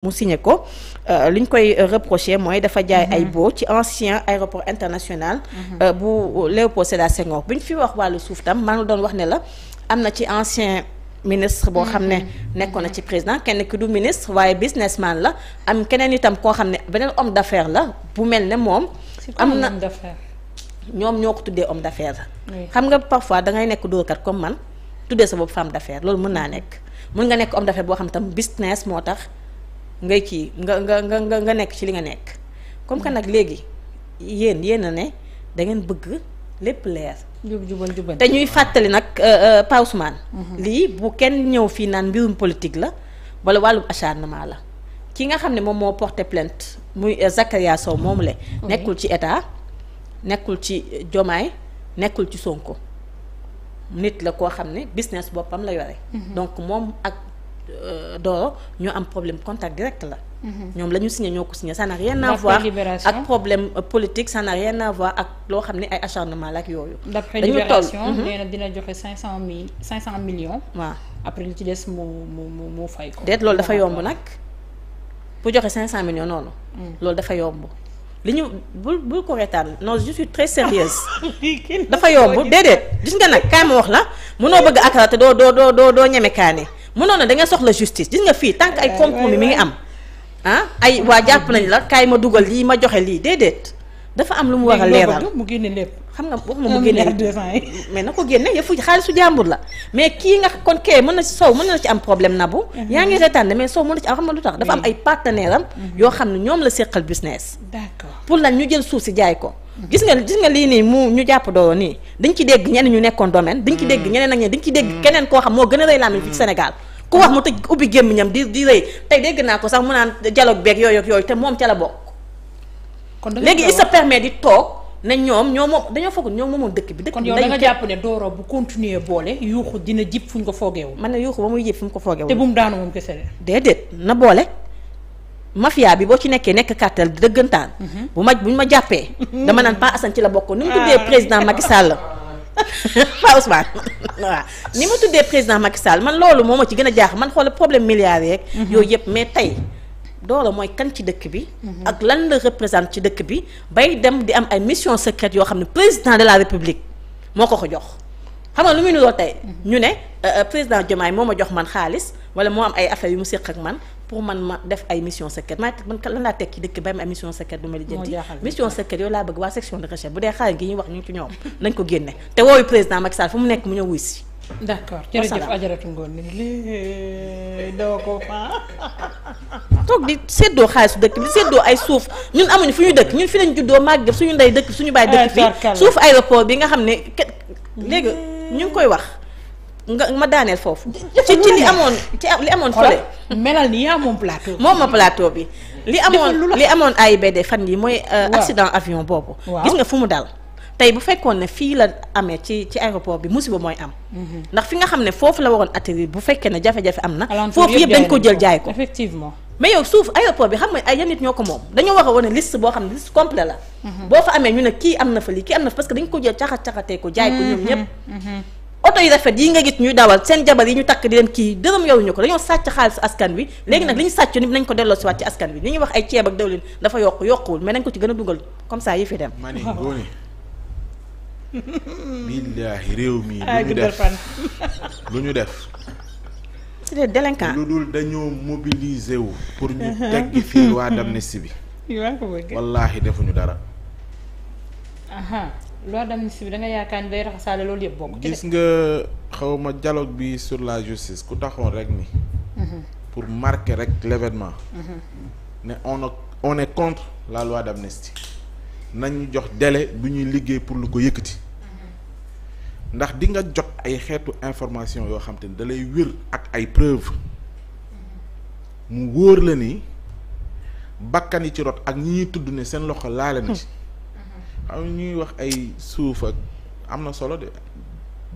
mu signé ko euh, li ñu koy euh, reproché mooy dafa jaay ay mm-hmm. baux ci ancien aéroport international mm-hmm. euh, bu Léopold Sédar Senghor bu ñu fi wax wàllu suuf tam maa nga doon wax ne la am na ci ancien ministre boo xam ne mm-hmm. nekkoon na ci président kenn ki du ministre waaye businessman la am keneen itam koo xam ne beneen homme d'affaires la bu mel ne moom am na ñoom ñoo ko tuddee homme d'affaires xam nga parfois dangay nekk dóorkat comme man tuddee sa bopp femme d'affaires loolu mën naa nekk mën nga nekk homme d'affaires boo xam tam business moo tax ngay kii nga nga nga nga nekk ci li nga nekk comme que nag léegi yéen yéen a ne da ngeen bëgg lépp leer. jub jubal jubal te ñuy fàttali nag euh, euh, Pa Ousmane. Mhm. lii bu kenn ñëw fii naan mbirum politique la wala wàllu acharnement la ki nga xam ne moom moo porté plainte muy euh, Zakaria Sow moomu le mhm. nekkul ci état nekkul ci Jomaay nekkul ci Sonko nit la koo xam ne business boppam la yore. Mhm. donc moom ak Euh, Doro ñoo am problème contact direct la. Mhm. ñoom la ñu signé ñoo ko signé ça n'a rien à voir ak problème euh, politique ça n'a rien à voir ak loo xam ne ay acharnement la ak yooyu. d'après Libération mhm. nee na dina joxe dafa yomb nag bu joxe cinq cent noonu. Mm. loolu dafa yomb. li ñu bul bul ko reetaan non je très sérieuse dafa yomb déedéet gis nga nag kaay ma wax la mënoo bëgg akara te doo doo doo doo ñeme kaane mënoon na da nga soxla justice gis nga fii tant que ay compromis euh, mi ngi am ah ay waa jàpp nañ la kaay ma dugal lii ma joxe lii déedéet dafa am lu mu war a leeral mu génne lépp xam nga waxuma mu génne mais na ko génne yëfu xaalisu jàmbur la mais kii nga kon kee mën na ci sow mën na ci am problème nabu mhm. yaa ngi reetaan mais sow mën na ci am xam nga lu tax dafa am ay partenaire mhm. yoo xam ne ñoom la séqal business d'accord pour lan ñu jël suuf si jaay ko gis nga gis nga lii nii mu ñu jàpp doo nii dañ ci dégg ñenn ñu nekkoon domaine dañ ci dégg mm. ñeneen ak ñeneen dañ ci dégg mm. keneen koo xam moo gën a rëy làmmiñ fii ci Sénégal ku wax mu tëj ubbi gémmiñam di di rëy tey dégg naa ko sax mu naan dialogue beeg yooyu yooyu te moom ca la bokk kon léegi il sa permet di toog ne ñoom ñoo moom dañoo foog ñoo moomoon dëkk bi dëkk kon yow da nga jàpp ne dooro bu continuer boole yuuxu dina jib fu ñu ko foogeewul man ne yuuxu ba muy jib fu ko foogeewul bu mu daanu moom kese déedéet na boole mafia bi boo ci nekkee nekk cartel dëggantaan. Mhm. bu ma buñ ma jàppee. dama naan Pa Assane ci la bokk ni mu tuddee ah. président Macky Sall. Pa Ousmane ni mu tuddee président Macky Sall man loolu moom ma ci gën a jaax man xool problème milliards yeeg. Mhm. yooyu yëpp mais tey. Doora mooy kan ci dëkk bi. Mhm. ak lan la représente ci dëkk bi bay dem di am ay mission secrète yoo xam ne président de la république moo ko ko jox. xam nga lu muy niroo tey. ñu ne euh, euh, président Diomaye moo ma jox man xaalis wala moo am ay affaires yu mu séq ak man pour man ma def ay mission secrète maa man lan laa teg ci dëkk ba am ay mission secrète du ma lijjanti mission secrète yow laa bëgg waa section de recherche bu dee xaalis gi ñuy wax ñu ngi te wooyu président Macky Sall fu mu nekk mu ñëw wuy si eh, ko fa toog di séddoo xaalisu dëkk bi séddoo ay suuf ñun amuñu fu ñu dëkk ñun fi lañ juddoo màgg suñu ndey dëkk suñu baay dëkk fii eh, suuf aéroport bi nga xam ne léegi ñu ngi koy wax nga ma daaneel foofu ci ci li amoon ci li amoon fële melal ni yaa moom plateau. moom ma plateau bi. li amoon li amoon AIBD fan yi mooy. Euh, accident avion boobu. gis nga fu mu dal. tey bu fekkoon ne fii la amee ci ci aéroport bi musiba mooy am. Mhm. ndax fi nga xam ne foofu la waroon atterrir bu fekkee ne jafe-jafe am na. foofu yëpp dañ ko jël jaay ko effectivement. mais yow suuf aéroport bi xam nga ay nit ñoo ko moom dañoo war a wane liste boo xam ne liste complet la. Mhm. boo fa amee ñu ne kii am na fa lii kii am na fa parce que ko jël caxat caxatee ko jaay ko mhm. ñoom oto yu rafet nga gis ñuy dawal seen jabar yi ñu takk di leen kii yow ñu ko dañoo sàcc xaalis askan wi léegi nag li ni nañ ko delloo si ci askan wi li ñuy wax ay ceeb yokk yokkuwul mais nañ ko ci gën a dugal comme ça yi fi dem ma ne ngoone billaahi réew mi lu ñu def lu ñu def c'est des délinquants lu dul dañoo mobiliser wu pour ñu uh-huh. teggi fii waa d'amnistie bi wallaahi defuñu dara loi d'amnistie bi da nga yaakaar ni day raxasaale loolu yëpp bokk gis nga xawma dialogue bi sur la justice ku taxoon rek ni mhm. pour marquer rek l'événement mhm. ne on a on est contre la loi d'amnistie nañu jox délai bu ñuy liggéey pour lu ko yëkkati mhm. ndax dinga nga jot ay xeetu information yoo xam ni dalay da wér ak ay preuve mu wóor la ni bakkan yi ci rot ak ñi tudd ne seen loxo laale am ñuy wax ay suuf ak am na solo de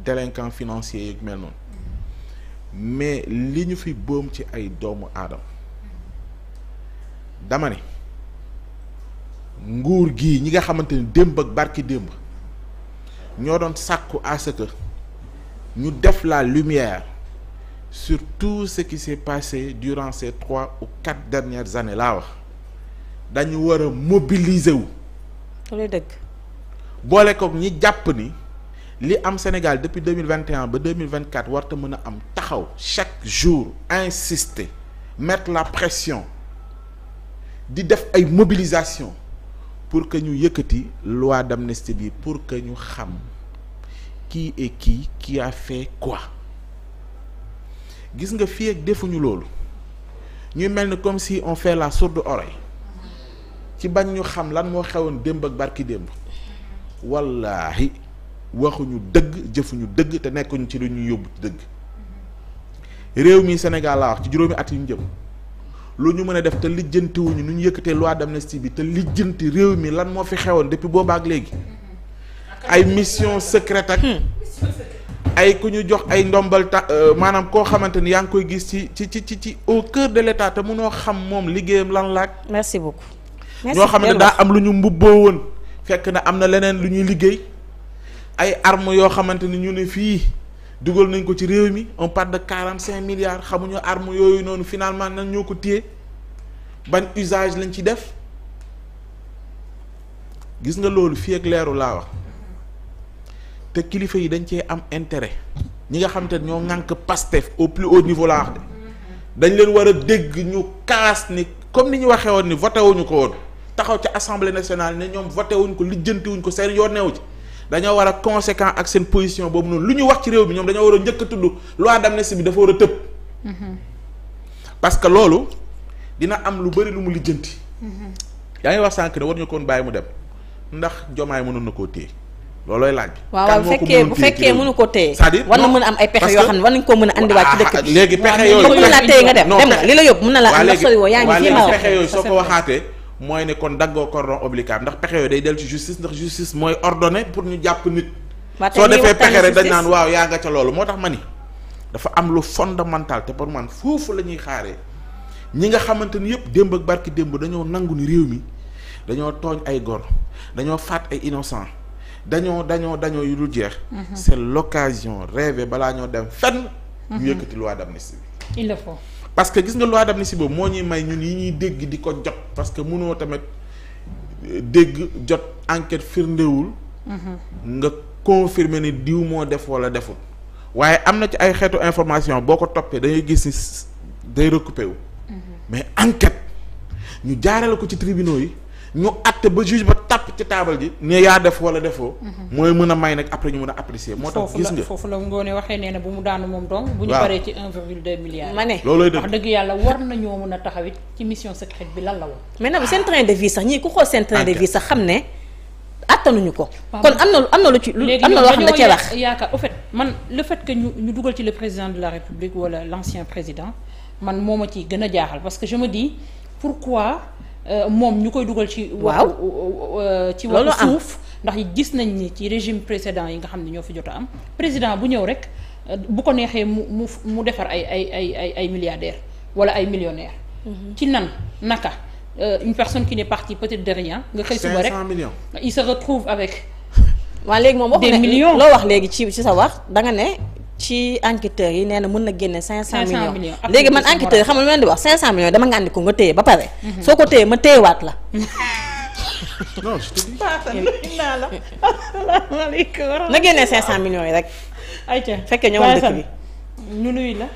délinquant financier yeeg mel noonu mais li ñu fi boom ci ay doomu aadama dama ne nguur gi ñi nga xamante ni démb ak barki démb ñoo doon sàkku à ñu def la lumière sur tout ce qui s'est passé durant ces trois ou quatre dernière années laa wax dañu war a mobiliser wu. boole kook ñi jàpp ni li am Sénégal depuis deux mille vingt et ba deux mille vingt quatre warta mën a am taxaw chaque jour insister mettre la pression di def ay mobilisation pour que ñu yëkkati loi d'amnistie bi pour que ñu xam qui est qui qui a fait quoi gis nga fi ak defuñu loolu ñuy mel ni comme si on fait la sourde oreille ci bañ ñu xam lan moo xewoon démb ak barki démb. wallaahi waxuñu dëgg jëfuñu dëgg te nekkuñu ci lu ñu yóbbu dëgg réew mi Sénégal laa wax ci juróomi at yu njëm jëm lu ñu mën a def te lijjantiwuñu nu ñu yëkkatee loi d'amnistie bi te lijjanti réew mi lan moo fi xewoon depuis boobaak léegi ay mission secrète hmm. ay ku ñu jox ay ndombal euh, maanaam koo xamante ni yaa ngi koy gis ci ci ci ci au cœur de l'état te mënoo xam liggéeyam lan laak merci beaucoup ñoo xam daa am lu ñu mbubboo woon fekk na am na leneen lu ñuy liggéey ay armes yoo xamante ni ñu ne fii dugal nañ ko ci réew mi on part de quarante cinq milliards xamuñu armes yooyu noonu finalement nan ñoo ko téye ban usage lañ ci def gis nga loolu fii ak leeru laa wax te kilifa yi dañ cee am intérêt ñi nga xam te ñoo ŋànk Pastef au plus haut niveau laa wax de dañ leen war a dégg ñu kaas ni comme ni ñu waxee woon ni voté wuñu ko woon. taxaw ca assemblée nationale ne ñoom voté wuñ ko lijjanti wuñ ko seen yoon neewu ci dañoo war a conséquent ak seen position boobu noonu lu ñu wax ci réew mi ñoom dañoo war a njëkk a tudd loi d'amnistie bi dafa war a tëb. Mm-hmm. parce que loolu dina am lu bëri lu mu lijjanti. Mm-hmm. yaa ngi wax sànq ne war ñu koon bàyyi mu dem ndax jomaay mënoon koo téye loolooy laaj bi. waaw bu fekkee bu fekkee mënu ko téye. c'est-à-dire war na mën a am ay pexe yoo xam ne war ah, na la wax pexe ko mooy ne kon daggoo cordon obligatoire ndax pexe yooyu day dellu ci justice ndax justice mooy ordonné pour ñu jàpp nit. soo defee pexe rek dañ naan waaw yaa nga ca loolu moo tax ma ni dafa am lu fondamental te pour man foofu la ñuy xaaree ñi nga xamante ni yëpp démb ak barki démb dañoo nangu ni réew mi dañoo tooñ ay gor dañoo faat ay innocent dañoo dañoo dañoo yu dul jeex. Mhm. c'est l'occasion rêvée balaa ñoo dem fenn. ñu mhm. yëkkati loi d'amnistie bi. il parce que gis nga loi si boobu moo ñuy may ñun yi ñuy dégg di ko jot parce que mënoo tamit euh, dégg jot enquête firndewul mm-hmm. nga confirmer ni diw moo def wala deful waaye am na ci ay xeetu information boo ko toppee dangay gis ni day recoupé wu mm-hmm. mais enquête ñu jaarale ko ci tribunaux yi ñu àtte ba juge ba tàpp ci taabal ji ne yaa def wala defoo mhm. mooy mën a may nag après ñu mën a apprécier moo tax gis nga foofu la ngoone waxee nee bu mu daanu moom donc bu ñu paree ci 1,2 milliard ma ne loolooy wax dëgg yàlla war nañoo mën a taxawit ci mission secrète bi lan la woon mais nag seen train de vie sax ñii ku xool seen train de vie sax xam ne attanuñu ko kon am na lu ci lu ci wax président de la république wala l'ancien président a Euh, moom ñu koy dugal ci waaw euh, ci waxu suuf ndax gis nañ ni ci régime précédent yi nga xam ne ñoo fi jot am président bu ñëw rek euh, bu ko neexee mu mu mu defar ay ay ay ay ay milliardaire wala ay millionnaire mhm. ci nan naka une personne qui n'est partie peut-être de rien nga xëy suba rek il se retrouve avec waaw léegi moom wax des millions loo wax léegi ci ci sa wax da nga ne ci enquêteurs yi nee na mën na génne cent millions léegi man enquêteurs xam nga lu leen di wax 500 millions dama nga andi ko nga téye ba pare mhm. soo ko téye ma téyewaat la non la na génne 500 millions yi rek fekkee ñëwoon dëkk bi ñu nuyu la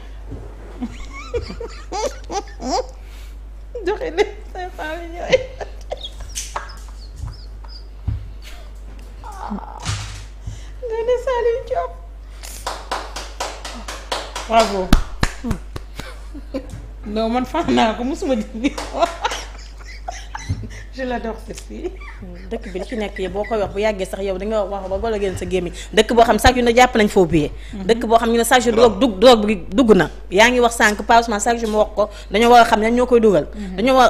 joxe leen 500 millions yi bravo hmm. non man fan naa ko mosuma dindi je l'adore cette fille dëkk bi li ci nekk yi boo koy wax bu yàggee sax yow danga wax ba golo génn sa gémmiñ dëkk boo xam chaque jour na jàpp nañ foo biyee mhm. dëkk boo xam ñu ne chaque jour drogue dug drogue bi dugg na yaa ngi wax sànq pas seulement chaque jour wax ko dañoo war a xam ne ñoo koy dugal mhm. dañoo war